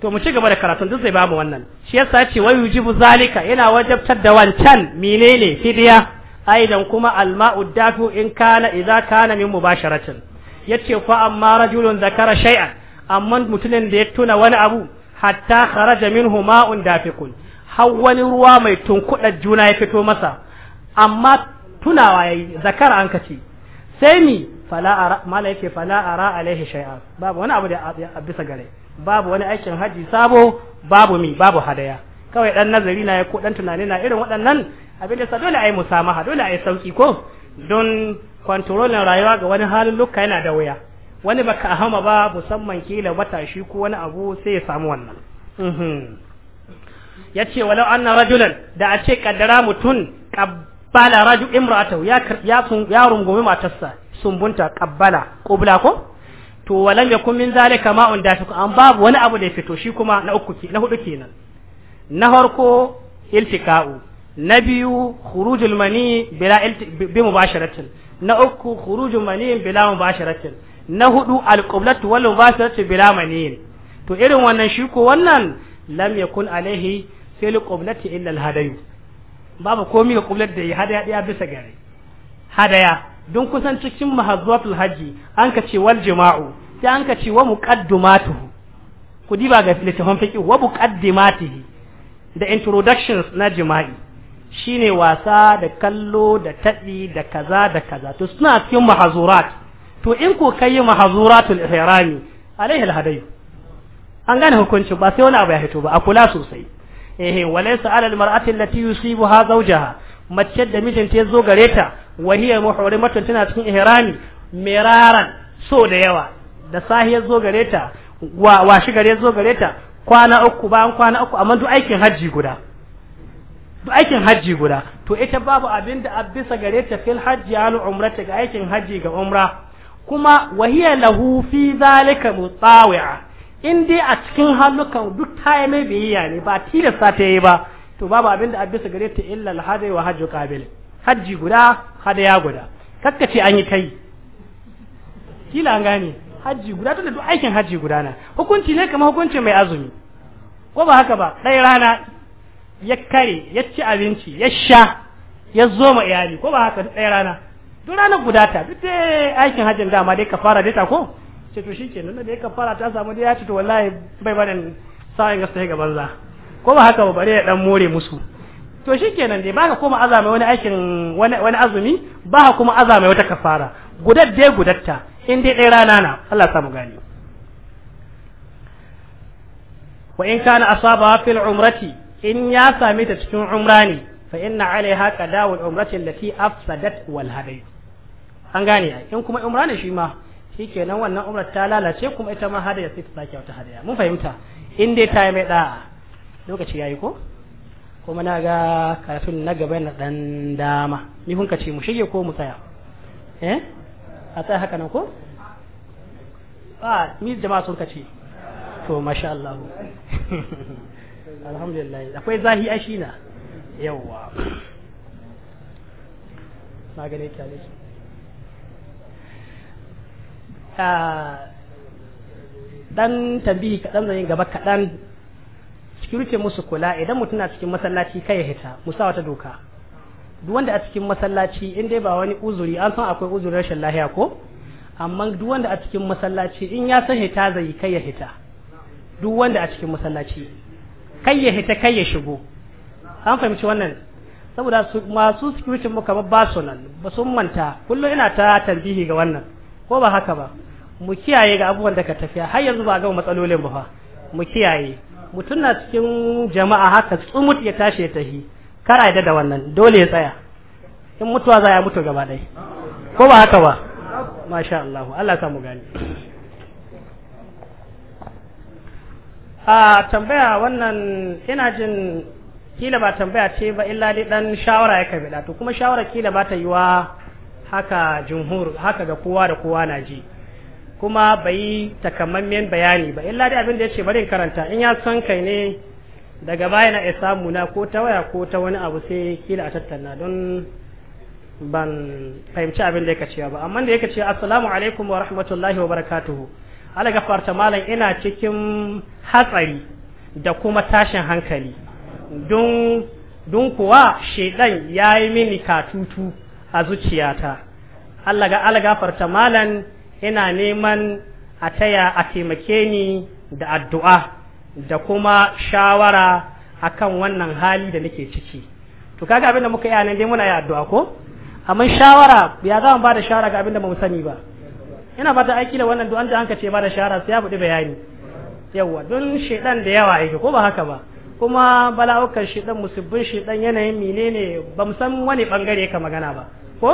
to mu ci gaba da karatun duk zai bamu wannan shi yasa ce wai yujibu zalika yana wajabtar da wancan menene fidiya aidan kuma alma'u dafu in kana idza kana min mubasharatin yace fa amma rajulun zakara shay'an amma mutumin da ya tuna wani abu hatta kharaja minhu ma'un dafikun har wani ruwa mai tunkuɗa juna ya fito masa amma tunawa yayi zakara an kace sai ni fala mala yake fala alaihi shay'a babu wani abu da a bisa gare babu wani aikin haji sabo babu mi babu hadaya kawai dan nazari na ya ko dan tunani na irin waɗannan abin da sa dole ai musamaha dole ai sauki ko don kwantarolin rayuwa ga wani halin lukka yana da wuya wani baka hama ba musamman kila wata ko wani abu sai ya samu wannan mhm. ya walau anna rajulan da a ce kaddara mutum bala raju imra'atahu ya ya sun ya rungumi matarsa sumbunta qabbala qubla ko to walam yakun min zalika ma'un da an babu wani abu da ya fito shi kuma na uku na hudu kenan na farko iltika'u na biyu khurujul mani bila bi mubasharatin na uku khurujul mani bila mubasharatin na hudu alqiblatu wal mubasharatu bila mani to irin wannan shi ko wannan lam yakun alaihi fil qiblati illa alhadayu. babu komi ga kublar da ya hadaya daya bisa gare hadaya don kusan cikin mahazzatul hajji an ka ce wal jima'u sai an ka ce wa muqaddimatuhu ku diba ga littafin fiqh wa muqaddimatihi da introductions na jima'i shine wasa da kallo da tadi da kaza da kaza to suna cikin mahazurat to in ko kai mahazuratul ihrami alaihi alhadayu an gane hukunci ba sai wani abu ya fito ba a kula sosai ehe walaysa ala al-mar'ati allati yusibuha zawjaha mace da mijinta ya zo gare ta wa hiya muhrimatun tana cikin ihrami miraran so da yawa da sahi zo gare ta wa wa zo gare kwana uku ba kwana uku amma duk aikin hajji guda duk aikin hajji guda to ita babu abinda abisa gareta ta fil haji al umrata ga aikin hajji ga umra kuma wahiya lahu fi zalika mutawi'a in dai a cikin halukan duk ta yi mai biyayya ne ba tilasta ta yi ba to babu abin da abisa gare ta illa alhadai wa hajji kabil hajji guda hadaya guda kakkace an yi kai kila an gane hajji guda tunda duk aikin hajji guda na hukunci ne kamar hukuncin mai azumi ko ba haka ba ɗaya rana ya kare ya ci abinci ya sha ya zo ma iyali ko ba haka ɗaya rana duk rana guda ta duk aikin hajjin dama dai ka fara dai ta ko ce to shikenan da ya kafara ta samu da ya ce to wallahi bai barin sa'in gasta ya gaban za ko ba haka ba bare ya dan more musu to shikenan dai baka kuma azama wani aikin wani azumi baka kuma azama wata kafara gudar dai gudatta in dai dai rana na Allah samu gani wa in kana asaba fil umrati in ya same ta cikin umra ne fa inna alaiha qada'u al umrati allati afsadat wal hadai an gane in kuma umra ne shi ma shikenan wannan umrar ta lalace kuma ita ma hadaya sai ta sake wata hadiya mun fahimta in dai ta yi mai da lokaci yayi ko kuma na ga karatun na gaba na dan dama ni kun ka ce mu shige ko mu tsaya eh a tsaya haka nan ko a ni jama'a sun ka ce to masha Allah alhamdulillah akwai zahi ashina yawwa na gane kyale dan tambihi kaɗan zan yi gaba kaɗan cikin rufe musu kula idan mutum na cikin masallaci kai ya hita musa wata doka duk wanda a cikin masallaci in dai ba wani uzuri an san akwai uzuri rashin lahiya ko amma duk wanda a cikin masallaci in ya san hita zai kai ya hita duk wanda a cikin masallaci kai ya hita kai ya shigo an fahimci wannan saboda masu security mu kamar ba su nan ba sun manta kullum ina ta tarbihi ga wannan ko ba haka ba mu kiyaye ga abubuwan da ka tafiya har yanzu ba ga matsalolin ba fa mu kiyaye mutum na cikin jama'a haka tsumut ya tashi ya tahi kar a da wannan dole ya tsaya in mutuwa za ya mutu gaba ɗaya ko ba haka ba masha Allah Allah samu mu gani a tambaya wannan ina jin kila ba tambaya ce ba illa dai dan shawara ya da to kuma shawara kila ba ta yi wa haka jumhur haka ga kowa da kowa na ji kuma bai takamammen bayani ba illa dai abin da ya ce bari karanta in ya san kai ne daga baya na ya samu na ko ta waya ko ta wani abu sai kila a tattauna don ban fahimci abin da yake cewa ba amma da yake cewa assalamu alaikum wa rahmatullahi wa barakatuhu ala gafarta malam ina cikin hatsari da kuma tashin hankali don don kuwa shedan yayi mini katutu a zuciyata Allah ga Allah gafarta malan ina neman a taya a taimake ni da addu'a da kuma shawara akan wannan hali da nake ciki to kaga abinda muka yi nan dai muna yi addu'a ko amma shawara ya zama ba da shawara ga abinda ba mu sani ba ina fata aiki da wannan du'an da an ka ce ba da shawara su ya buɗi bayani yawa don shaidan da yawa yake ko ba haka ba kuma bala'ukan shidan musubbin shidan yanayin menene ba mu san wani bangare ka magana ba ko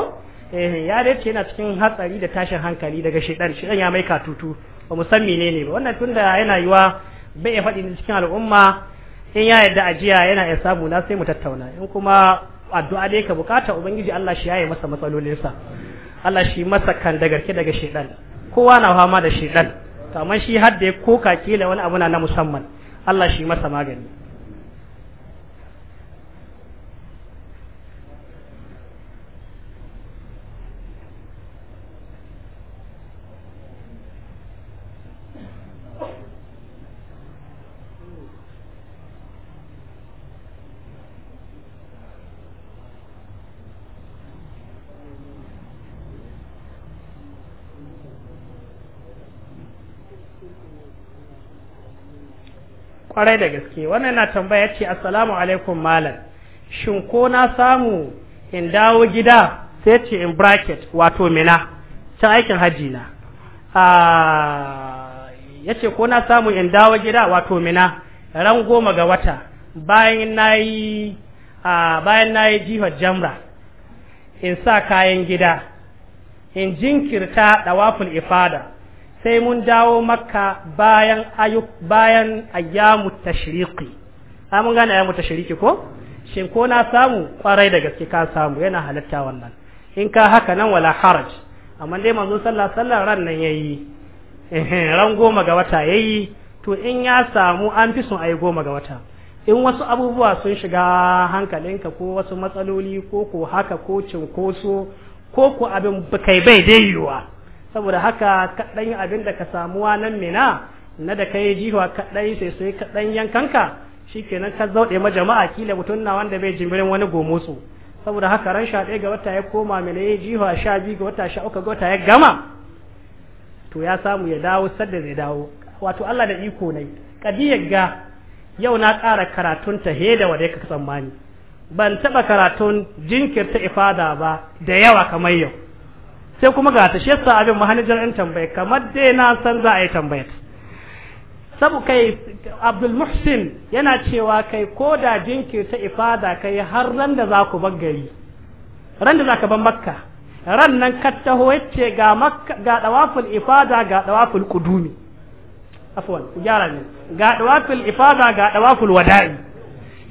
eh ya dace yana cikin hatsari da tashin hankali daga shidan shidan ya mai tutu ba mu san menene ba wannan tunda yana yiwa bai ya faɗi cikin al'umma in ya yadda ajiya yana ya samu na sai mu tattauna in kuma addu'a dai ka bukata ubangiji Allah shi yaye masa matsalolinsa Allah shi masa kan da garke daga shidan kowa na fama da shidan to amma shi har da ya koka kila wani abu na musamman Allah shi masa magani kwarai da gaske wannan yana tambaya ce assalamu alaikum malam shin ko na samu in dawo gida sai ce in bracket wato mina can aikin hajji na ah, ya ce ko na samu in dawo gida wato mina ran goma ga wata bayan na yi ah, jihar jamra in sa kayan gida in jinkirta da wafin ifada sai mun dawo makka bayan ayu bayan ayyamu tashriqi amun ah, gane ayyamu tashriqi ko shin ko na samu kwarai da gaske ka samu yana halatta wannan in ka haka nan wala haraj amma dai manzo sallallahu alaihi wasallam ran nan yayi ran goma ga wata yayi to in ya samu an fi sun ayi goma ga wata in wasu abubuwa sun shiga hankalinka ko wasu matsaloli ko ko haka ko cinkoso ko ko abin kai bai dai saboda haka kaɗan abin da ka samuwa nan mina na da kai jiwa kaɗai sai sai kaɗan yankanka shikenan ka zauɗe ma jama'a kila mutum na wanda bai jimirin wani gomosu saboda haka ran sha ɗaya ga wata ya koma mina ya jihuwa sha biyu ga wata sha uku ga wata ya gama to ya samu ya dawo sadda zai dawo wato Allah da iko ne kadiyar ga yau na ƙara karatun ta heda wa da ka tsammani ban taɓa karatun jinkirta ifada ba da yawa kamar yau sai kuma ga ta shi yasa abin mahanijar in tambaye kamar dai na san za a yi tambaya sabu kai abdul muhsin yana cewa kai ko da jinkirta ifada kai har ran da za ku bar gari ran da za ka bar makka ran nan ka taho yace ga makka ga dawaful ifada ga dawaful qudumi afwan gyara ne ga dawaful ifada ga dawaful wada'i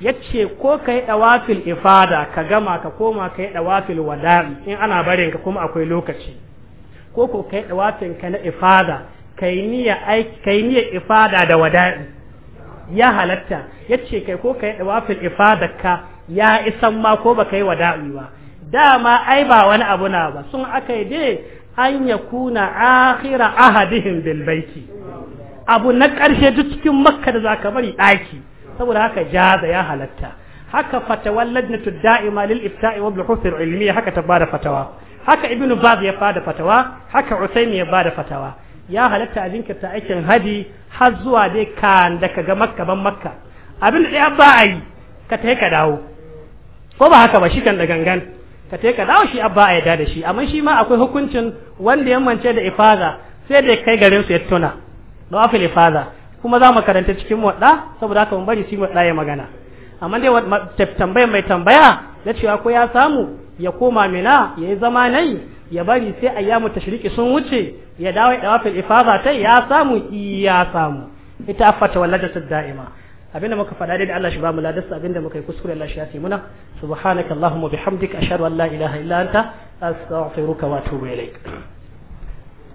yace ko kai dawafil ifada ka gama ka koma kai dawafil wada'i in ana barin ka kuma akwai lokaci ko ko kai dawafin ka na ifada kai niyya niyyar ifada da wada'i ya halatta yace kai ko kai dawafil ifada ka ya isan ma ko ba kai wada'i ba dama ai ba wani abu na ba sun aka yi dai an ya kuna akhira ahadihim bil abu na ƙarshe duk cikin makka da zaka bari ɗaki saboda haka jaza ya halatta haka fatawar lajnatu da'ima lil ifta'i wa bihufir ilmi haka ta bada fatawa haka ibnu baz ya bada fatawa haka usaimi ya bada fatawa ya halatta a jinkirta aikin hadi har zuwa dai kan da ka ga makka ban makka abin da ya ba a yi ka tai ka dawo ko ba haka ba shi kan da gangan ka tai ka dawo shi abba a yarda da shi amma shi ma akwai hukuncin wanda ya mance da ifaza sai da kai garin su ya tuna dawafil ifaza kuma za mu karanta cikin wadda saboda haka mun bari shi wadda ya magana amma dai tambayar mai tambaya na cewa ko ya samu ya koma mina ya yi zama nai ya bari sai ayyamu tashriki sun wuce ya dawo da wafil ifaza ta ya samu ya samu ita fata wallata da'ima abinda muka faɗa da Allah shi ba mu ladarsa abinda muka yi kuskure Allah shi ya muna subhanakallahumma bihamdika ashhadu an la ilaha illa anta astaghfiruka wa atubu ilaik